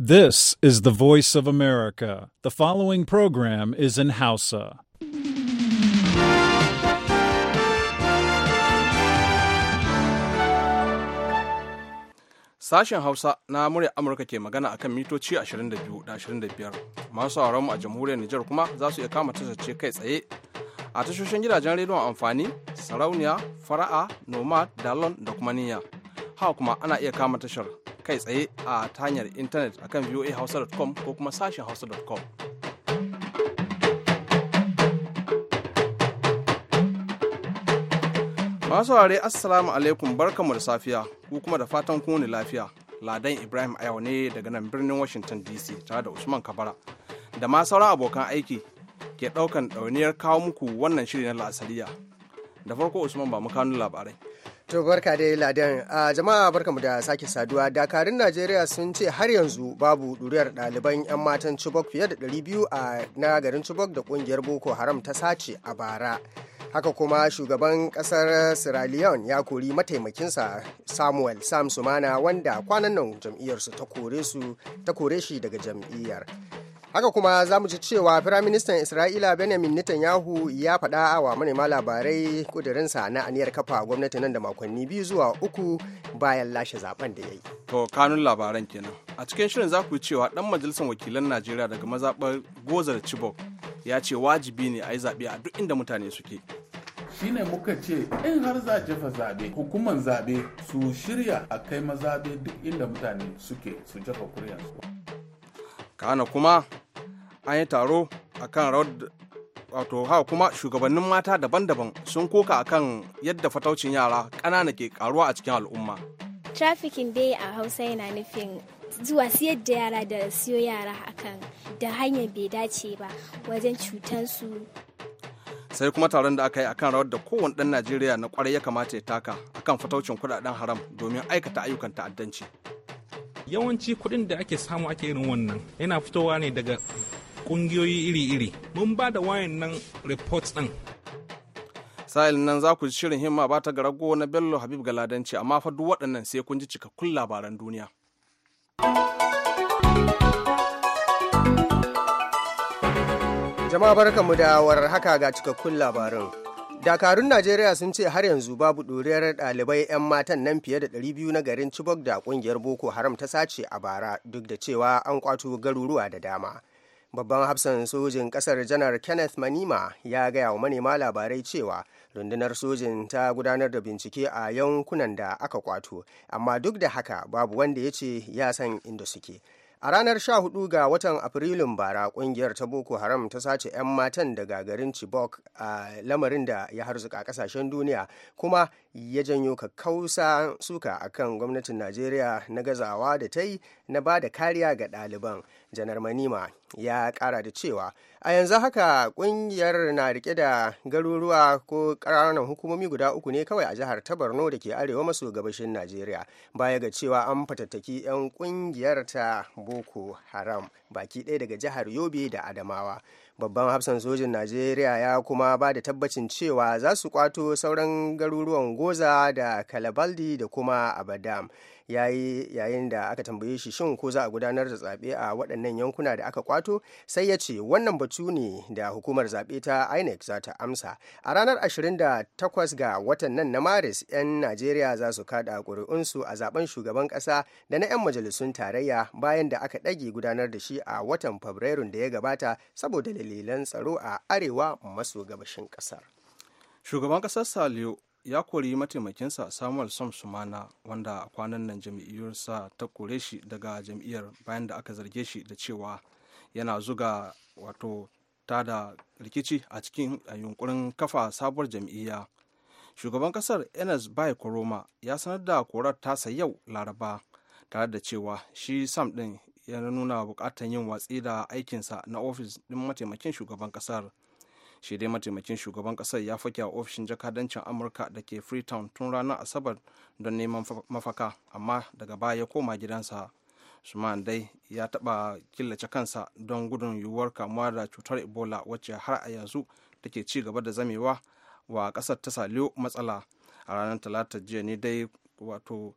This is the voice of America. The following program is in Hausa. Sashen Hausa na murya Amurka ke magana akan mitoci 22 da 25. Masu mu a jamhuriyar Nijar kuma za su iya kama tashace kai tsaye a tashoshin gidajen rediyon amfani, sarauniya, fara'a, nomad, dalon da kuma niyya. Haka kuma ana iya kama tashar kai tsaye a ta hanyar intanet akan voahausa.com ko kuma sashen hausa.com. Masu ware assalamu alaikum barkamu da safiya ku kuma da fatan kuni lafiya. Ladan Ibrahim a ne daga nan birnin Washington DC tare da Usman Kabara da ma sauran abokan aiki ke ɗaukan ɗauniyar kawo muku wannan shiri na la'asariya. Da farko Usman ba mu kanu labarai. To barka dai Ladan. A jama'a barkamu da sake saduwa. Dakarun Najeriya sun ce har yanzu babu ɗuriyar ɗaliban 'yan matan Chibok fiye da 200 a na garin Chibok da ƙungiyar Boko Haram ta sace a bara. Haka kuma shugaban ƙasar Sierra Leone ya kori mataimakinsa Samuel Sam Sumana wanda kwanan nan jam'iyyarsu ta kore shi daga jam'iyyar. haka kuma za mu ci cewa firaministan isra'ila benjamin netanyahu ya faɗa wa manema labarai kudurinsa na aniyar kafa gwamnati nan da makonni biyu zuwa uku bayan lashe zaben da ya yi to kanun labaran kenan a cikin shirin za ku cewa dan majalisar wakilan najeriya daga mazaɓar gozar chibok ya ce wajibi ne a yi zaɓe a duk inda mutane suke shine muka ce in har za jefa zaɓe hukumar zaɓe su shirya a kai mazaɓe duk inda mutane suke su jefa kuryansu kana kuma an yi taro a rawar wato haka kuma shugabannin mata daban-daban sun koka a kan yadda fataucin yara ƙanana ke karuwa a cikin al'umma trafficking dai a hausa yana nufin zuwa siyar da yara da siyo yara kan da hanyar bai dace ba wajen cutansu sai kuma taron da aka yi akan rawar da kowane ɗan najeriya na kwarai ya kamata ya taka akan fataucin kudaden haram domin aikata ayyukan ta'addanci yawanci kuɗin da ake samu ake irin wannan yana fitowa ne daga ƙungiyoyi iri-iri mun ba da wayan nan reports ɗin sa'ilin nan za ku ji shirin himma ba ta garago na bello habib galadanci amma fa duk waɗannan sai kun ji cikakkun labaran duniya jama'a barkanmu da haka ga cikakkun labaran. dakarun najeriya sun ce har yanzu babu ɗoriyar ɗalibai 'yan matan nan fiye da 200 na garin chibok da ƙungiyar boko haram ta sace a bara duk da cewa an kwato garuruwa da dama babban hafsan sojin ƙasar janar kenneth manima ya gaya wa manema labarai cewa rundunar sojin ta gudanar da bincike a yankunan da aka kwato amma duk da haka babu wanda ya ce ya san inda suke a ranar 14 ga watan afrilun bara kungiyar ta boko haram ta sace 'yan matan daga garin chibok a lamarin da ya harzuka kasashen duniya kuma ya janyo kakkausa suka akan gwamnatin najeriya na gazawa da ta yi na ba da kariya ga ɗaliban janar manima ya ƙara da cewa a yanzu haka ƙungiyar na rike da garuruwa ko ƙananan hukumomi guda uku ne kawai a jihar ta borno da ke arewa maso gabashin najeriya baya ga cewa an fatattaki 'yan ƙungiyar ta boko haram baki ɗaya daga jihar yobe da adamawa babban hafsan sojin najeriya ya kuma ba da tabbacin cewa za su kwato sauran garuruwan goza da kalabaldi da kuma abadam yayin da aka tambaye shi shin ko za a gudanar da zaɓe a waɗannan yankuna da aka kwato sai ya ce wannan batu ne da hukumar zaɓe ta inec za ta amsa a ranar 28 ga watan nan na maris 'yan najeriya za su kada ƙuri'unsu a zaben shugaban ƙasa da na 'yan majalisun tarayya bayan da aka ɗage gudanar da shi a watan fabrairun da ya gabata saboda dalilan tsaro a arewa maso gabashin kasar shugaban kasar saliyo ya kori mataimakinsa samuel samsumana wanda kwanan nan jam'iyyarsa ta kore shi daga jam'iyyar bayan da aka zarge shi da cewa yana zuga wato da rikici a cikin yunkurin kafa sabuwar jam'iyya shugaban kasar enes bai koroma ya sanar da korar tasa yau laraba tare da cewa shi sam din ya nuna bukatar yin watsi da aikinsa na ofis din mataimakin shugaban kasar shi dai mataimakin shugaban ƙasar ya fake a ofishin jakadancin amurka da ke freetown tun ranar asabar don neman mafaka amma daga baya ya koma gidansa Usman dai ya taɓa killace kansa don gudun yiwuwar kamuwa da cutar Ebola wacce har a yanzu take ci gaba da zamewa wa ƙasar ta saliyo matsala a ranar talata jiya ne dai wato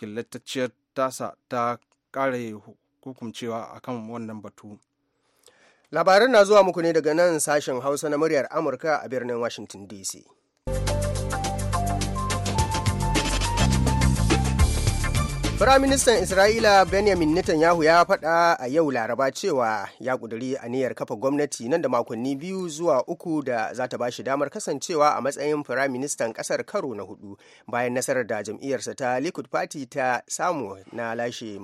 killatacciyar tasa ta kare a akan wannan batu Labarin na zuwa muku ne daga nan sashen hausa na muryar amurka a birnin washington dc Firaministan Isra'ila Benjamin Netanyahu ya faɗa a yau Laraba cewa ya ƙuduri aniyar kafa gwamnati nan da makonni biyu zuwa uku da za ta bashi damar kasancewa a matsayin Firaministan ƙasar karo na hudu bayan nasarar da jam'iyyarsa ta Likud Party ta samu na lashe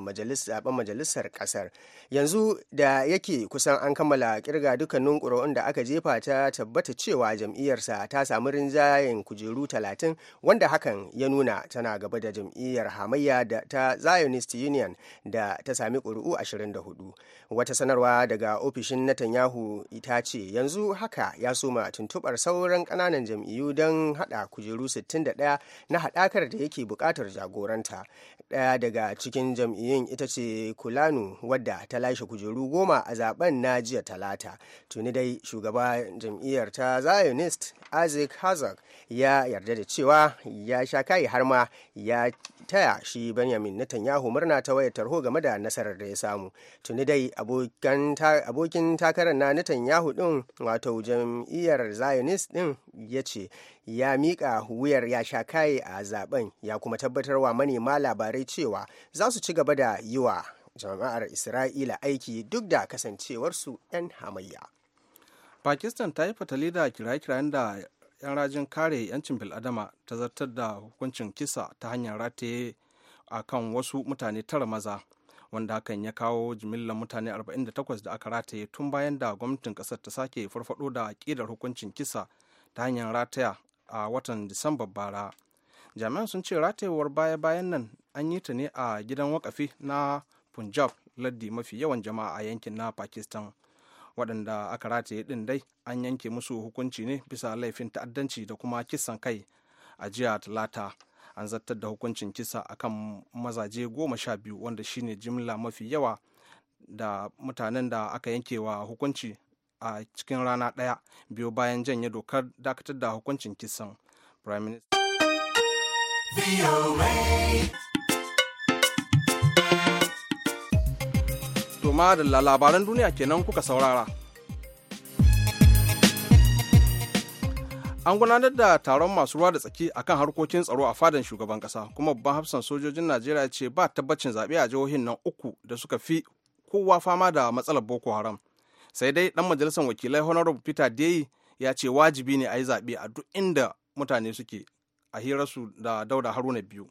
zaben majalisar ƙasar. Yanzu da yake kusan an kammala kirga dukkanin ƙuri'un da aka jefa ta tabbata cewa jam'iyyarsa ta samu rinjayen kujeru talatin wanda hakan ya nuna tana gaba da jam'iyyar hamayya da ta zionist union da ta sami ƙuri'u 24 wata sanarwa daga ofishin netanyahu ita ce yanzu haka ya soma tuntubar sauran ƙananan jam'iyyu don haɗa kujeru 61 na haɗakar da yake buƙatar jagoranta ɗaya daga cikin jam'iyyun ita ce kulanu wadda ta lashe kujeru goma a zaben na jiya talata tuni dai shugaba jam'iyyar ta zionist isaac hazard ya yarda da cewa ya sha kai har ma ya taya shi benjamin netanyahu murna ta wayar tarho game da nasarar da ya samu tuni dai abokin takarar na netanyahu din wato jam'iyyar zionist din ya ce ya mika wuyar ya sha kaye a zaben ya kuma tabbatar wa manema labarai cewa za su ci gaba da yi wa jama'ar isra'ila aiki duk da kasancewarsu 'yan hamayya pakistan ta yi fatali da kiraye-kirayen da 'yan rajin kare 'yancin bil'adama ta zartar da hukuncin kisa ta hanyar rataye a kan wasu mutane tara maza wanda hakan ya kawo jimillar mutane 48 da aka rataye tun bayan da gwamnatin kasar ta sake farfado da ƙidar hukuncin kisa ta hanyar rataya a watan disamba bara jami'an sun ce ratayewar baya-bayan nan an yi ta ne a gidan wakafi na punjab laddi mafi yawan jama'a a yankin na pakistan waɗanda aka rataye ɗin dai an yanke musu hukunci ne bisa laifin ta'addanci da kuma kisan kai a jiya talata an zartar da hukuncin kisa akan mazaje goma sha biyu wanda shine jimla mafi yawa da mutanen da aka yankewa hukunci a cikin rana ɗaya biyo bayan janye dokar dakatar da hukuncin kisan prime minister da labaran duniya kenan kuka saurara. An gudanar da taron masu ruwa da tsaki akan harkokin tsaro a fadan shugaban kasa kuma babban hafsan sojojin Najeriya ce ba tabbacin zaɓe a jihohin nan uku da suka fi kowa fama da matsalar Boko Haram. sai dai dan majalisar wakilai honorable peter deyi ya ce wajibi ne a yi zaɓe a duk inda mutane suke a hirarsu da dauda haruna biyu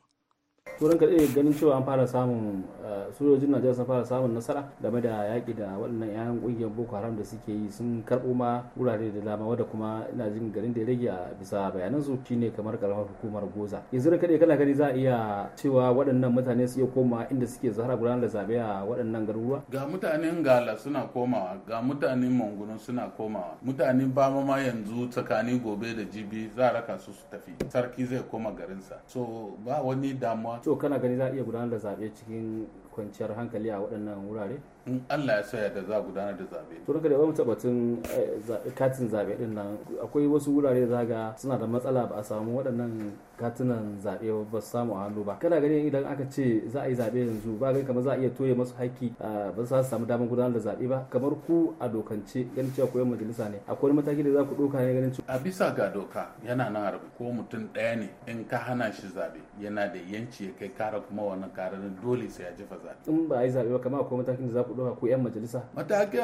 turan kaɗai ganin cewa an fara samun eh, sojojin najeriya sun fara samun nasara game da yaƙi da waɗannan 'yan ƙungiyar boko haram da suke yi sun karɓo ma wurare da dama wadda kuma ina jin garin da ya rage a bisa bayanan su shine kamar karamar hukumar goza yanzu da kaɗai kana gani za a iya cewa waɗannan mutane su iya koma inda suke zahara gudanar da zaɓe a waɗannan garuruwa ga mutanen gala suna komawa ga mutanen mangunan suna komawa mutanen bama ma yanzu tsakanin gobe da jibi za a raka su su tafi sarki zai koma garinsa so ba wani damuwa to kana gani za a iya gudanar da zaɓe cikin kwanciyar hankali a waɗannan wurare in Allah ya saya da za gudanar da zabe to daga da wani tabbatin eh, katin zabe din nan akwai wasu wurare zaga suna da matsala ba a samu waɗannan katunan zabe ba su samu a hannu ba kana ganin idan aka ce za a yi zabe yanzu ba ga kamar za a iya toye masu haƙƙi eh, ba za su samu damar gudanar da zabe ba kamar ku a dokance ganin cewa koyon majalisa ne akwai mataki da za ku ɗauka ne ganin cewa a bisa ga doka yana nan a ko mutum ɗaya ne in ka hana shi zabe yana da yanci ya kai kara kuma wannan karar dole sai ya jefa zabe in ba a yi zabe ba kamar akwai matakin da za ku ɗauka ko 'yan majalisa mataki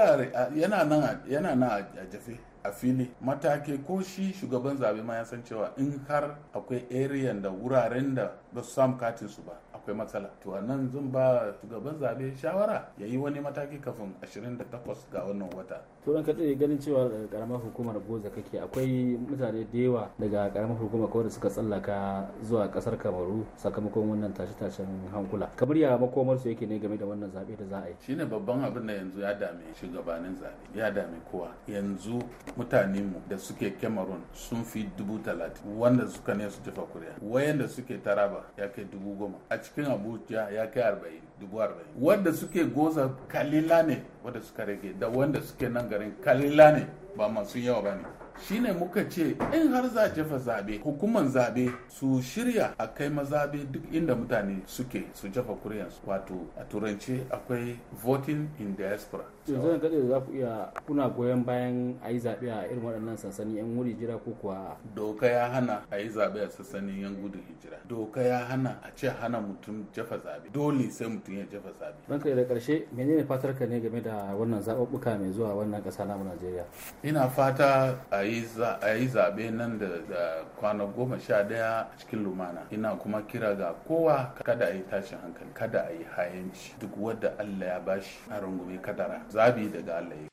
yana nan yana nan a jafe a fili mataki ko shi shugaban zabe ma ya san cewa in har akwai area da wuraren da ba su samu katin su ba akwai matsala to a nan zan ba shugaban zabe shawara ya yi wani mataki kafin 28 ga wannan wata turan katse ganin cewa karamar hukumar boza kake akwai mutane da yawa daga karamar hukumar kawai da suka tsallaka zuwa kasar kamaru sakamakon wannan tashe-tashen hankula kamar ya makomar su yake ne game da wannan zabe da za a yi shine babban abin da yanzu ya dame shugabanin zabe ya dame kowa yanzu mutane mu da suke kemarun sun fi dubu talatin wanda suka ne su tafa kuriya wayanda suke taraba ya kai dubu goma a cikin abuja ya kai arba'in dubu arba'in wanda suke goza kalila ne wanda suka rage da wanda suke nan garin kalila ne ba masu yawa ba ne shine muka ce in har za jefa zabe hukuman zabe su shirya a kai mazabe duk inda mutane suke su jefa kuryansu wato a turanci akwai voting in diaspora yanzu na daɗe za ku iya kuna goyon bayan a yi zaɓe a irin waɗannan sansani yan gudun hijira ko kuwa doka ya hana a yi zaɓe a sansanin yan gudun hijira doka ya hana a ce hana mutum jefa zaɓe dole sai mutum ya jefa zaɓe ranka da ƙarshe menene fatar ka ne game da wannan zaɓuɓɓuka mai zuwa wannan ƙasa na najeriya ina fata a a yi zaɓe nan da kwana goma sha daya a cikin lumana ina kuma kira ga kowa kada a yi tashin hankali kada a yi hayanci duk wadda allah ya bashi a rungume kadara zabi daga allah ya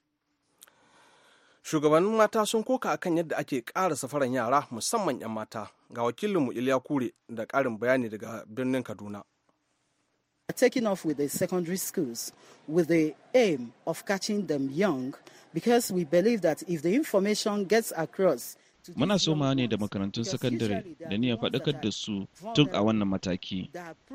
shugabannin mata sun koka akan yadda ake ƙara safaran yara musamman 'yan mata ga wakilinmu iliya kure da ƙarin bayani daga birnin kaduna taking off with the secondary schools with the aim of catching them young because we believe that if the information gets across Muna soma ne da makarantun sakandare da niyyar faɗakar da su tun a wannan mataki.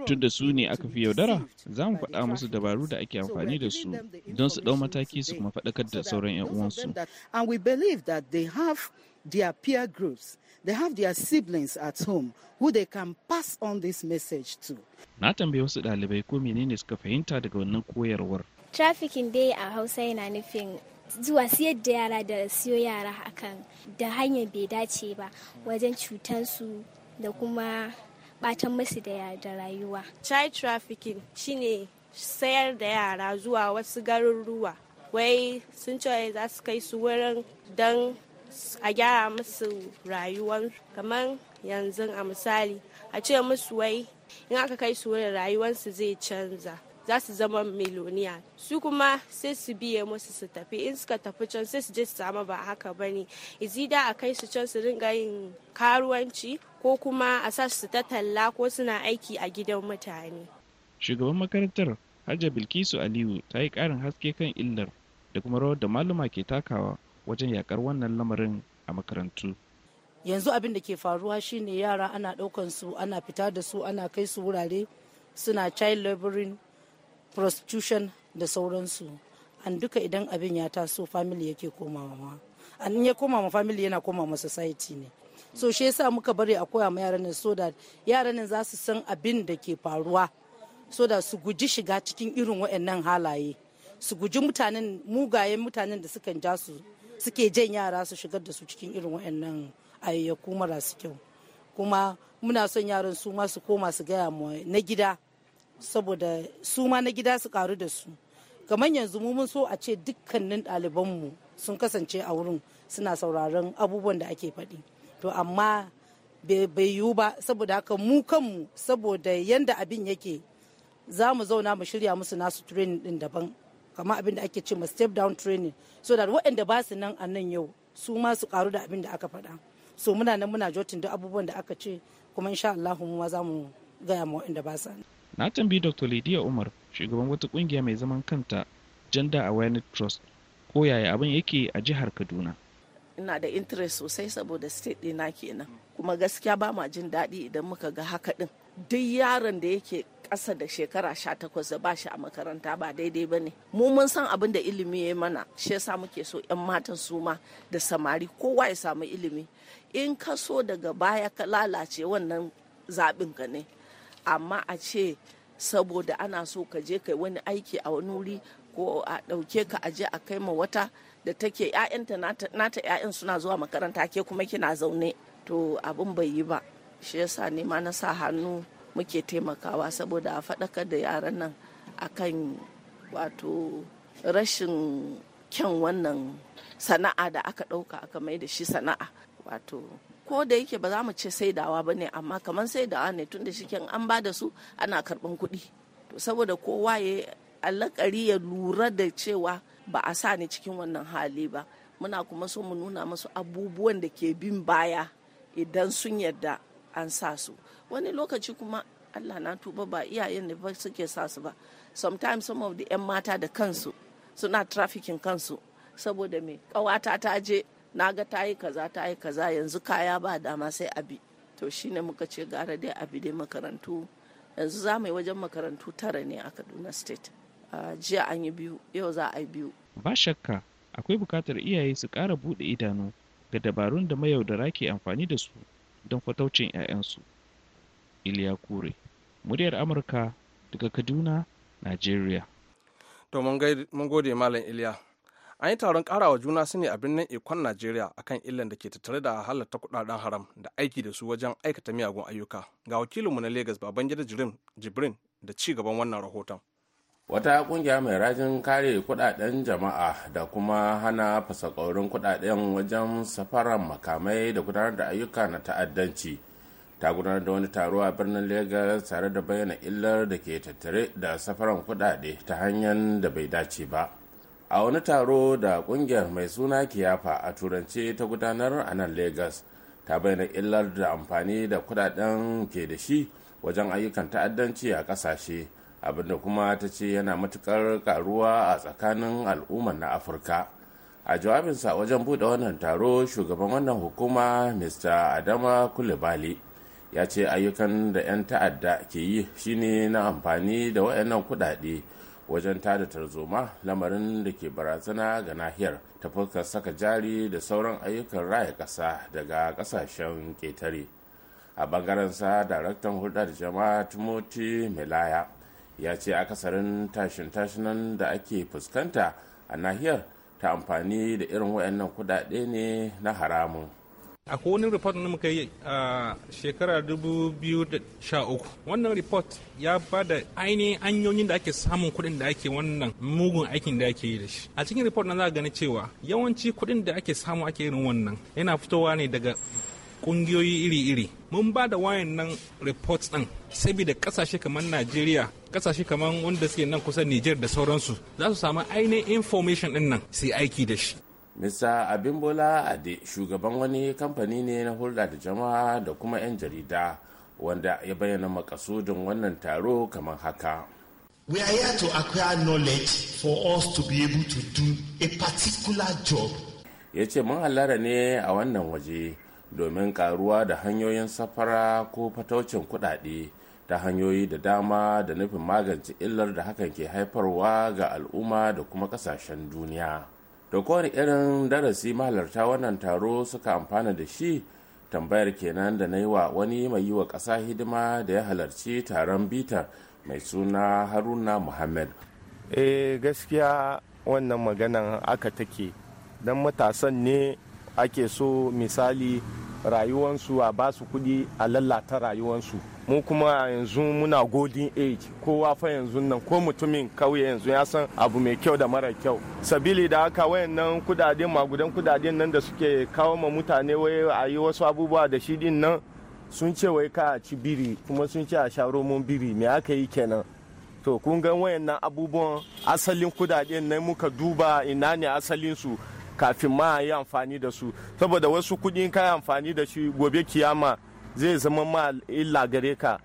Tun da su ne aka fi yaudara, za mu faɗa musu dabaru da ake amfani da su don su ɗau mataki su kuma faɗakar da sauran 'yan uwansu. And we believe that they have their peer groups, they have their siblings at home who they can pass on this message to. Na tambayi wasu ɗalibai ko menene suka fahimta daga wannan koyarwar. Trafficking dai a Hausa yana nufin zuwa siyar da yara da siyo yara hakan da hanyar bai dace ba wajen cutansu da kuma batan musu da rayuwa. Child trafficking shine sayar da yara zuwa wasu garuruwa wai sun ce za su kai su wurin don a gyara musu rayuwar kamar yanzu a misali a ce musu wai in aka kai su wurin rayuwarsu zai canza za su zama miloniya su kuma sai su biya musu su tafi in suka tafi can sai su je su samu ba haka ba ne izida a kai su can su ringa yin karuwanci ko kuma a sa su ta talla ko suna aiki a gidan mutane shugaban makarantar hajja bilkisu aliyu ta yi ƙarin haske kan illar da kuma rawar da maluma ke takawa wajen yakar wannan lamarin a makarantu yanzu abin da ke faruwa shine yara ana daukan su ana fita da su ana kai su wurare suna child laboring prostitution da sauransu an duka idan abin ya taso family yake komawa ma an ya koma ma family yana koma ma society ne so shi yasa muka bari a koya ma yaran so da yaran za su san abin da ke faruwa so da su guji shiga cikin irin waɗannan halaye su guji mutanen mugayen mutanen da suka ja su suke jan yara su shigar da su cikin irin waɗannan ayyuka marasu kyau kuma muna son yaran su ma su koma su gaya mu na gida saboda su ma na gida su karu da su kamar yanzu mu mun so a ce dukkanin ɗalibanmu sun kasance a wurin suna sauraron abubuwan da ake faɗi to amma bai yiwu ba saboda haka mu kanmu saboda yanda abin yake za mu zauna mu shirya musu nasu training din daban kamar abin da ake ce ma step down training so da waɗanda ba su nan a nan yau su ma su karu da abin da aka faɗa so muna nan muna jotin duk abubuwan da aka ce kuma insha Allah mu ma za mu gaya ma waɗanda ba su nan na tambayi dr lidiya umar shugaban wata kungiya mai zaman kanta gender awareness trust ko yaya abin yake a jihar kaduna ina da interest sosai saboda state ɗina kenan kuma gaskiya ba ma jin daɗi idan muka ga haka ɗin duk yaron da yake ƙasa da shekara sha takwas da ba shi a makaranta ba daidai ba ne mu mun san abin da ilimi ya mana shi yasa muke so 'yan matan su ma da samari kowa ya samu ilimi in ka so daga baya ka lalace wannan zaɓin ka ne amma a ce saboda ana so ka je kai wani aiki a wani wuri ko a ɗauke ka aje a kai ma wata da take ‘ya'yanta nata ‘ya'yan suna zuwa makaranta ke kuma kina zaune to abin bai yi ba shi yasa ne ma na sa hannu muke taimakawa saboda a faɗakar da yaran nan akan wato rashin kyan wannan sana'a da aka ɗauka aka mai da shi sana'a wato ko da yake ba za mu ce saidawa ba ne amma kamar saidawa ne tunda shiken an ba da su ana karɓan kuɗi to saboda kowa ya alakari ya lura da cewa ba a sa ni cikin wannan hali ba muna kuma so mu nuna masu abubuwan da ke bin baya idan sun yarda an sa su wani lokaci kuma allah na tuba ba iyayen da suke sa su ba sometimes some of the 'yan mata da kansu suna trafficking kansu saboda me ƙawata ta je na ga ta yi kaza ta yi kaza yanzu kaya ba dama sai abi to shine muka ce gara dai abi dai makarantu yanzu za mu yi wajen makarantu tara ne a kaduna state jiya an yi biyu yau za a yi biyu ba shakka akwai bukatar iyaye su ƙara buɗe idanu ga dabarun da mayaudara ke amfani da su don fataucin 'ya'yansu iliya kure muryar amurka daga kaduna nigeria to mun gode malam iliya an yi taron karawa juna su ne a birnin ikon najeriya akan illan da ke tattare da halatta kudaden haram da aiki da su wajen aikata miyagun ayyuka ga wakilinmu na lagos babangida jibrin da ci gaban wannan rahoton wata kungiya mai rajin kare kudaden jama'a da kuma hana fasakaurin kudaden wajen safarar makamai da gudanar da ayyuka na ta'addanci ta gudanar da wani taro a birnin lagos tare da bayyana illar da ke tattare da safaran kudade ta hanyar da bai dace ba a wani taro da kungiyar mai suna kiyafa a turance ta gudanar a nan Legas ta bayyana illar da amfani da kudaden ke da shi wajen ayyukan ta'addanci a kasashe abinda kuma ta ce yana matukar karuwa a tsakanin al'ummar na afirka a jawabinsa wajen bude wannan taro shugaban wannan hukuma mr adama Kulibali ya ce ayyukan da 'yan ta'adda ke yi shine na amfani da waɗannan kuɗaɗe wajen tada tarzoma lamarin da ke barazana ga nahiyar ta fuskar saka jari da sauran ayyukan raya ƙasa daga ƙasashen ƙetare a bangaren sa daraktan hulɗar jama'a timoti melaya ya ce akasarin tashin tashinan da ake fuskanta a nahiyar ta amfani da irin wayannan kuɗaɗe ne na haramun akwai wani report da muka yi a shekara 2013 wannan report ya ba da ainihin hanyoyin da ake samun kuɗin da ake wannan mugun aikin da ake yi da shi a cikin report na za gani cewa yawanci kuɗin da ake samu ake irin wannan yana fitowa ne daga ƙungiyoyi iri-iri mun ba da wayan nan report din saboda kasashe kamar najeriya ƙasashe kamar wanda suke nan kusa niger da sauransu za su samu ainihin information din nan su aiki da shi Mr. Abimbola Ade shugaban wani kamfani ne na hulɗa da jama'a da kuma 'yan jarida wanda ya bayyana makasudin wannan taro kamar haka. We are here to acquire knowledge for us to be able to do a particular job. Ya ce mun hallara ne a wannan waje domin karuwa da hanyoyin safara ko fataucin kuɗaɗe ta hanyoyi da dama da nufin magance illar da hakan ke haifarwa ga al'umma da kuma ƙasashen duniya. da kowane irin darasi mahalarta wannan taro suka amfana da shi tambayar kenan da na yi wa wani mai yi wa ƙasa hidima da ya halarci taron bitar mai suna haruna muhammad eh gaskiya wannan maganan aka take don matasan ne ake so misali rayuwansu a ba su kuɗi a lalata rayuwansu mu kuma yanzu muna golden age kowa fa yanzu nan ko mutumin kauye yanzu ya san abu mai kyau da mara kyau sabili da haka wayannan kudaden magudan kudaden nan da suke kawo ma mutane waye a yi wasu abubuwa da shi din nan sun ce wai ka ci biri kuma sun ce a sha romon biri me aka yi kenan to kun ga wayannan abubuwan asalin kudaden nan muka duba ina ne asalin su kafin ma yi amfani da su saboda wasu kuɗi ka yi amfani da shi gobe kiyama zai zama ma illa gare ka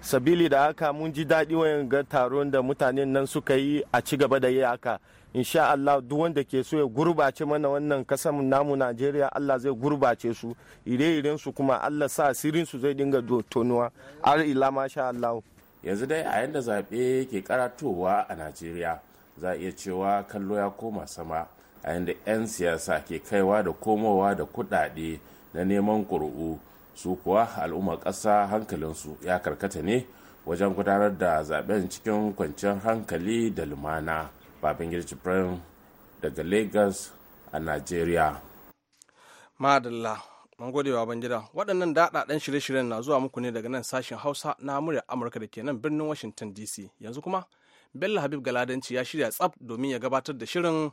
sabili da haka mun ji daɗi wayan ga taron da mutanen nan suka yi a ci gaba da yi haka insha Allah duk wanda ke so ya gurbace mana wannan kasar namu Najeriya Allah zai gurbace su ire-iren su kuma Allah sa sirrin su zai dinga tonuwa har ila sha Allah yanzu dai a yanda zaɓe ke karatowa a Najeriya za iya cewa kallo ya koma sama a yadda 'yan siyasa ke kaiwa da komowa da kudade na neman ƙuri'u su kuwa al'ummar ƙasa hankalinsu ya karkata ne wajen gudanar da zaben cikin kwanciyar hankali da lumana babangida jibrin daga lagos a nigeria madalla mun gode wa bangida waɗannan daɗaɗen shirye-shiryen na zuwa muku ne daga nan sashen hausa na muryar amurka da ke nan birnin washington dc yanzu kuma bello habib galadanci ya shirya tsab domin ya gabatar da shirin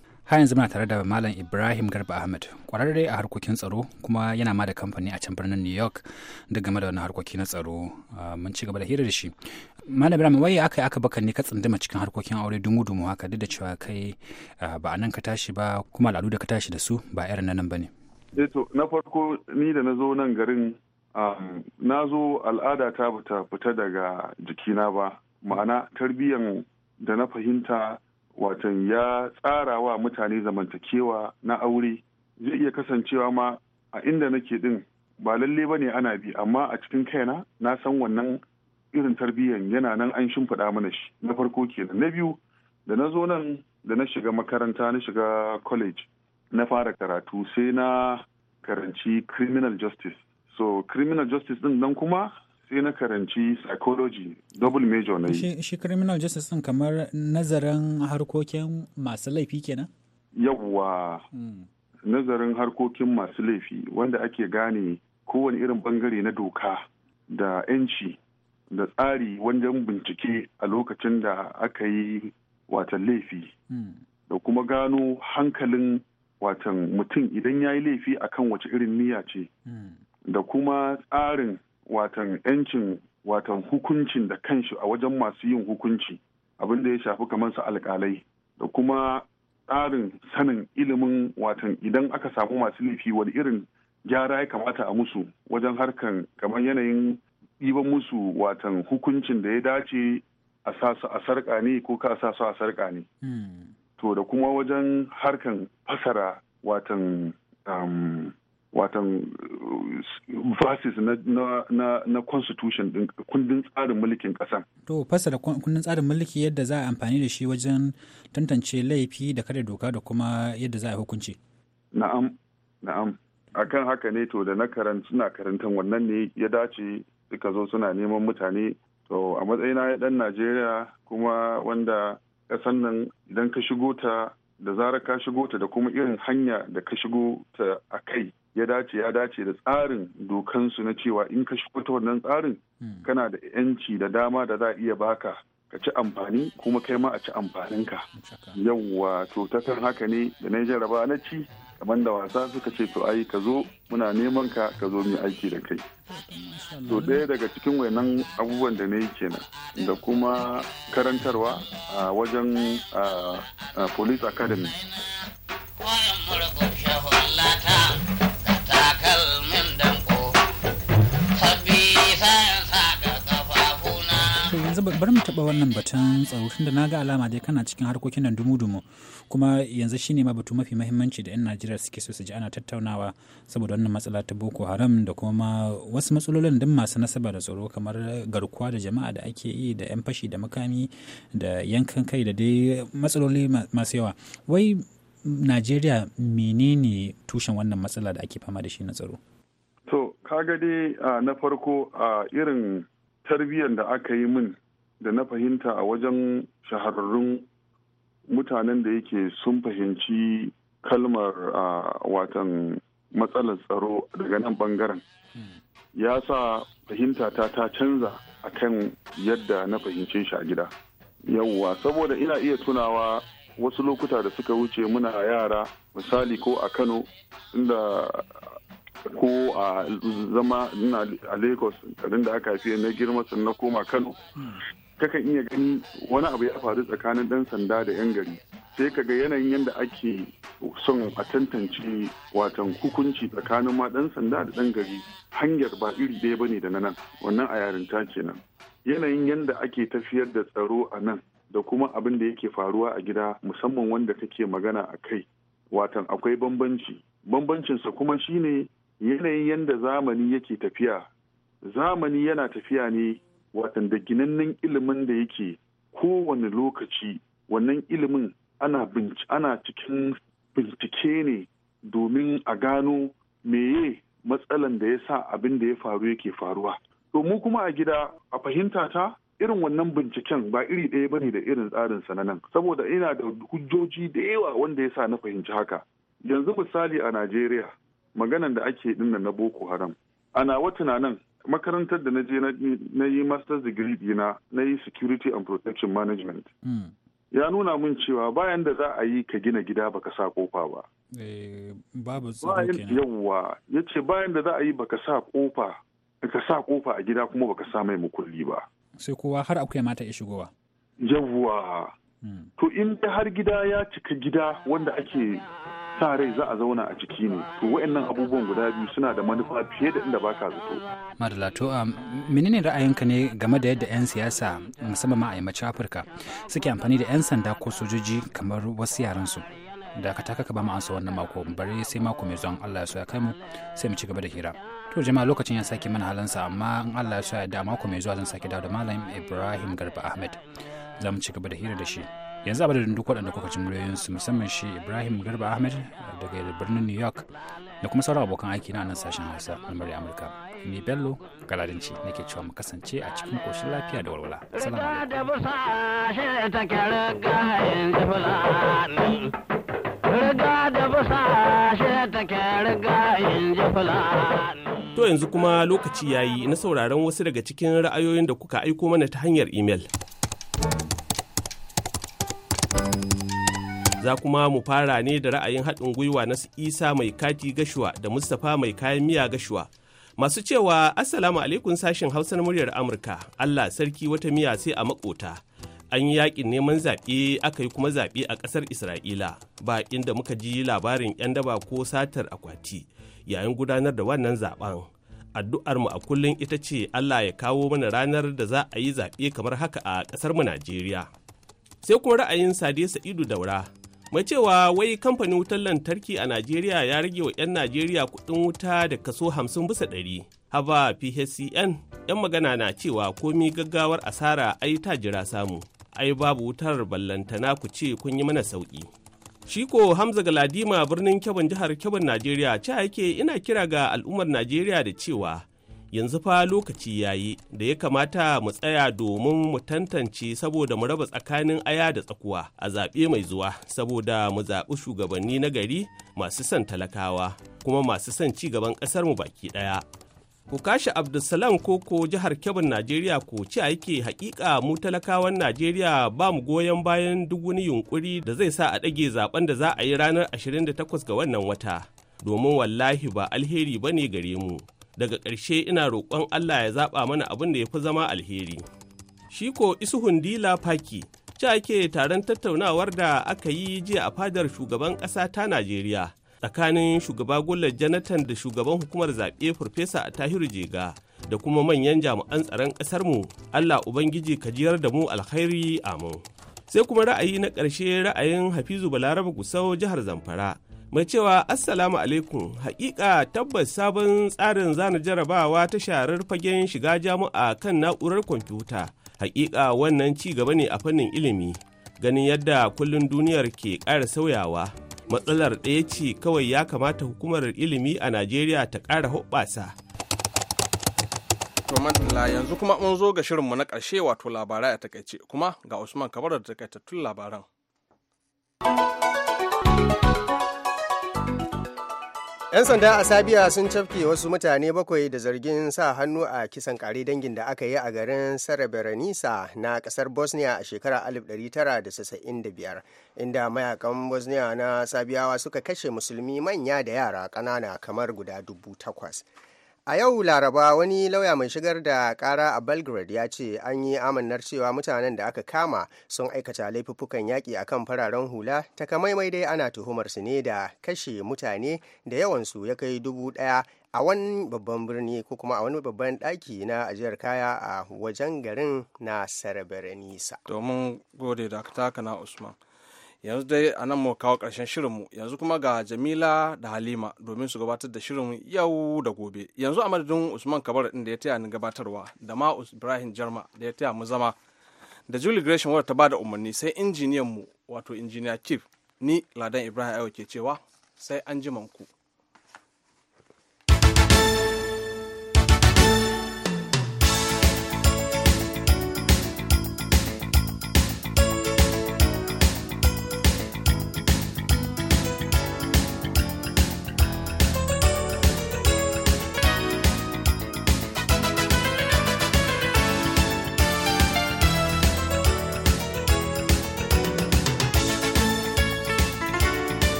har yanzu muna tare da malam ibrahim garba ahmed kwararre a harkokin tsaro kuma yana ma da kamfani a can birnin new york duk game da wani harkoki na tsaro ah, mun ci gaba da hira da shi malam ibrahim wai aka yi aka baka ne ka tsunduma cikin harkokin aure dumu dumu haka duk da cewa kai ah, ba a nan ka tashi ba kuma al'adu da ka tashi da su ba irin na nan ba ne. Eh na farko ni da na zo nan garin ah, na zo al'ada ta fita daga jikina ba ma'ana tarbiyyan da na fahimta watan ya tsara wa mutane zamantakewa na aure zai iya kasancewa ma a inda nake din ba lalle ba ne ana bi amma a cikin kaina na san wannan irin tarbiyyan yana nan an shimfiɗa mana shi na farko kenan na biyu da na zo nan da na shiga makaranta na shiga college na fara karatu sai na karanci criminal justice so criminal justice din nan kuma sai na karanci psychology double major na yi. Shi criminal justice ɗin kamar nazarin harkokin masu laifi kenan? Yawwa. Hmm. Nazarin harkokin masu laifi wanda ake gane kowane irin bangare na doka da 'yanci da tsari wajen bincike a lokacin da aka yi watan laifi. Hmm. Da kuma gano hankalin watan mutum idan ya yi laifi akan wace irin niyya ce. Hmm. Da kuma tsarin watan 'yancin watan hukuncin da kanshi a wajen masu yin hukunci abin da ya shafi kamar su alkalai da kuma tsarin sanin ilimin watan idan aka samu masu laifi wani irin gyara ya kamata a musu wajen harkan kamar yanayin ɗiban musu watan hukuncin da ya dace a sasu a sarƙa ne ko ka sa su a sarƙa ne. Hmm. To da kuma wajen harkan fasara watan um, watan verses na, na, na, na constitution din kundin tsarin mulkin kasan. To da kundin tsarin mulki yadda za a amfani da shi wajen tantance laifi da kare doka da kuma yadda za a hukunci. Na'am, na'am. Akan haka ne to da na karanta suna karantan wannan ne ya dace suka zo suna neman mutane to a matsayina ya dan Najeriya kuma wanda kasan nan idan ka shigo ta da zarar ka shigo ta da kuma irin hanya da ka shigo ta a kai ya dace ya dace da tsarin dokansu na cewa in ka shigo ta wannan tsarin hmm. kana da yanci da dama da za a iya baka ka ci amfani kuma kai ma a ci amfaninka yawwa to takan haka ne da na jaraba na ci kamar da wasa suka ce to ai ka zo muna neman ka ka zo mu aiki da kai to ɗaya daga cikin wayannan abubuwan da na yi kenan da kuma karantarwa a wajen police academy bar mu taɓa wannan batun tsaro tun da na ga alama dai kana cikin harkokin nan dumu-dumu kuma yanzu ne ma batu mafi mahimmanci da 'yan najeriya suke so su ji ana tattaunawa saboda wannan matsala ta boko haram da kuma wasu matsalolin din masu nasaba da tsaro kamar garkuwa da jama'a da ake yi da 'yan fashi da makami da yankan kai da dai matsaloli masu yawa wai najeriya menene tushen wannan matsala da ake fama da shi na tsaro to kaga dai ah, na farko a ah, irin tarbiyyar da aka yi min da na fahimta a wajen shahararrun mutanen da yake sun fahimci kalmar a watan matsalar tsaro daga nan bangaren hmm. ya sa fahimta ta ta canza kan yadda na fahimce shi a gida yawwa saboda ina iya tunawa wasu lokuta da suka wuce muna yara misali ko a kano inda ko a zama a lagos garin da aka fiye na girma na koma kano hmm. kakan iya gani wani abu ya faru tsakanin ɗan sanda da 'yan gari sai ka ga yanayin yadda ake son a tantance watan hukunci tsakanin ma ɗan sanda da ɗan gari hanyar ba iri ɗaya bane da na nan wannan a yarinta kenan yanayin yadda ake tafiyar da tsaro a nan da kuma abin da yake faruwa a gida musamman wanda kake magana a kai watan akwai bambanci bambancinsa kuma shine yanayin yadda zamani yake tafiya zamani yana tafiya ne watan ginannen ilimin da yake kowane lokaci wannan ilimin ana cikin bincike ne domin a gano meye matsalan da ya sa abin da ya faru yake faruwa to mu kuma a gida a fahimta ta irin wannan binciken ba iri ɗaya bane da irin tsarin na nan saboda ina da hujjoji da yawa wanda ya sa na fahimci haka yanzu misali a Najeriya maganan da ake dinna na Boko Haram ana wa tunanin makarantar da na je na yi master's degree dina na yi security and protection management hmm. ya nuna min cewa bayan da za a yi ka gina gida baka sa kofa ba eh, babu da yawwa ya ce bayan da za a yi baka sa kofa ka sa kofa a gida kuma baka sa mai mukulli ba sai kowa har akwai mata ya shigowa yawwa hmm. to in har gida ya cika gida wanda ake sa rai za a zauna a ciki ne to wa'annan abubuwan guda biyu suna da manufa fiye da inda baka zato madala to um, menene ra'ayinka ne game da yadda 'yan siyasa musamman ma a yammacin afirka suke amfani da 'yan sanda ko sojoji kamar wasu yaran su da ka taka ka ba mu ansa wannan mako bari sai mako mai zuwan Allah ya so ya kai mu sai mu ci gaba da hira to jama'a lokacin ya sake mana halansa amma in Allah ya so ya da mako mai zuwa zan sake dawo da malam Ibrahim Garba Ahmed za ci gaba da hira da shi yanzu abadadin duk waɗanda kuka ci muryoyinsu musamman shi ibrahim garba ahmed daga birnin new york da kuma sauran abokan aiki na nan sashen hausa na murya amurka ni bello galadinci nake cewa mu kasance a cikin koshin lafiya da walwala salamu To yanzu kuma lokaci yayi na sauraron wasu daga cikin ra'ayoyin da kuka aiko mana ta hanyar imel. Za kuma mu fara ne da ra'ayin haɗin gwiwa na Isa mai kati gashuwa da Mustapha mai kayan miya gashuwa. Masu cewa Assalamu alaikum sashen Hausa na muryar Amurka, Allah sarki wata miya sai a makota. An yi yakin neman zaɓe aka yi kuma zaɓe a ƙasar Isra'ila, ba inda muka ji labarin 'yan daba ko satar akwati yayin gudanar da wannan zaɓen. addu'ar mu a kullum ita ce Allah ya kawo mana ranar da za a yi zaɓe kamar haka a ƙasar mu Najeriya. Sai kuma ra'ayin Sade Sa'idu Daura mai cewa wai kamfanin wutar lantarki a najeriya ya rage wa 'yan najeriya kuɗin wuta da kaso 50 bisa ɗari. haba phcn 'yan magana na cewa komi gaggawar asara ai ta jira samu ai babu wutar ballantana ku ce kun yi mana sauki Shiko Hamza Galadima birnin Kebon jihar Kebon Najeriya ce yake ina kira ga al'ummar Najeriya da cewa yanzu fa lokaci yayi da ya kamata mu tsaya domin mu tantance saboda mu raba tsakanin aya da tsakuwa a zaɓe mai zuwa saboda mu zaɓi shugabanni na gari masu son talakawa kuma masu son ci gaban ƙasar mu baki ɗaya. Ku kashi Abdulsalam Koko jihar Kebbi Najeriya ko ci yake hakika mu talakawan Najeriya ba mu goyon bayan duk wani yunƙuri da zai sa a ɗage zaben da za a yi ranar 28 ga wannan wata domin wallahi ba alheri bane gare mu. daga ƙarshe ina roƙon Allah ya zaɓa mana abin da ya fi zama alheri. Shi ko Isuhun Dila Faki, ci ake taron tattaunawar da aka yi jiya a fadar shugaban ƙasa ta Najeriya tsakanin shugaba Gola Jonathan da shugaban hukumar zaɓe Farfesa a Tahiru Jega da kuma manyan jami'an tsaron ƙasarmu Allah Ubangiji ka jiyar da mu alkhairi amin. Sai kuma ra'ayi na ƙarshe ra'ayin Hafizu Balarabe Gusau jihar Zamfara. mai cewa assalamu alaikum hakika tabbas sabon tsarin zana jarabawa ta sharar fagen shiga jami'a kan na'urar kwamfuta hakika wannan ci gaba ne a fannin ilimi ganin yadda kullum duniyar ke ƙara sauyawa matsalar ɗaya ce kawai ya kamata hukumar ilimi a najeriya ta ƙara hoɓɓasa yanzu kuma mun zo ga shirinmu na ƙarshe wato labarai a takaice kuma ga usman kamar da takaitattun labaran 'Yan sanda a Sabiya sun cafke wasu mutane bakwai da zargin sa hannu a kisan kare dangin da aka yi a garin sarabaranisa na kasar Bosnia a shekarar 1995, inda mayakan Bosnia na Sabiyawa suka kashe musulmi manya da yara kanana kamar guda dubu takwas. a yau laraba wani lauya mai shigar da kara a belgrade ya ce an yi amannar cewa mutanen da aka kama sun aikata laifukan yaƙi a kan fararen hula takamaimai dai ana tuhumar su ne da kashe mutane da yawansu ya kai dubu ɗaya a wani babban birni ko kuma a wani babban ɗaki na ajiyar kaya a wajen garin na sarabaranisa domin gode da na usman yanzu dai a nan mu kawo ƙarshen shirinmu yanzu kuma ga jamila da halima domin su gabatar da shirin yau da gobe yanzu a madadin usman kabar din da ya taya ni gabatarwa da ma ibrahim jarma da ya taya mu zama da julie gresham wadda ta ba da umarni sai injiniyan mu wato injiniya chief ni ladan ibrahim ayo ke cewa sai an ku.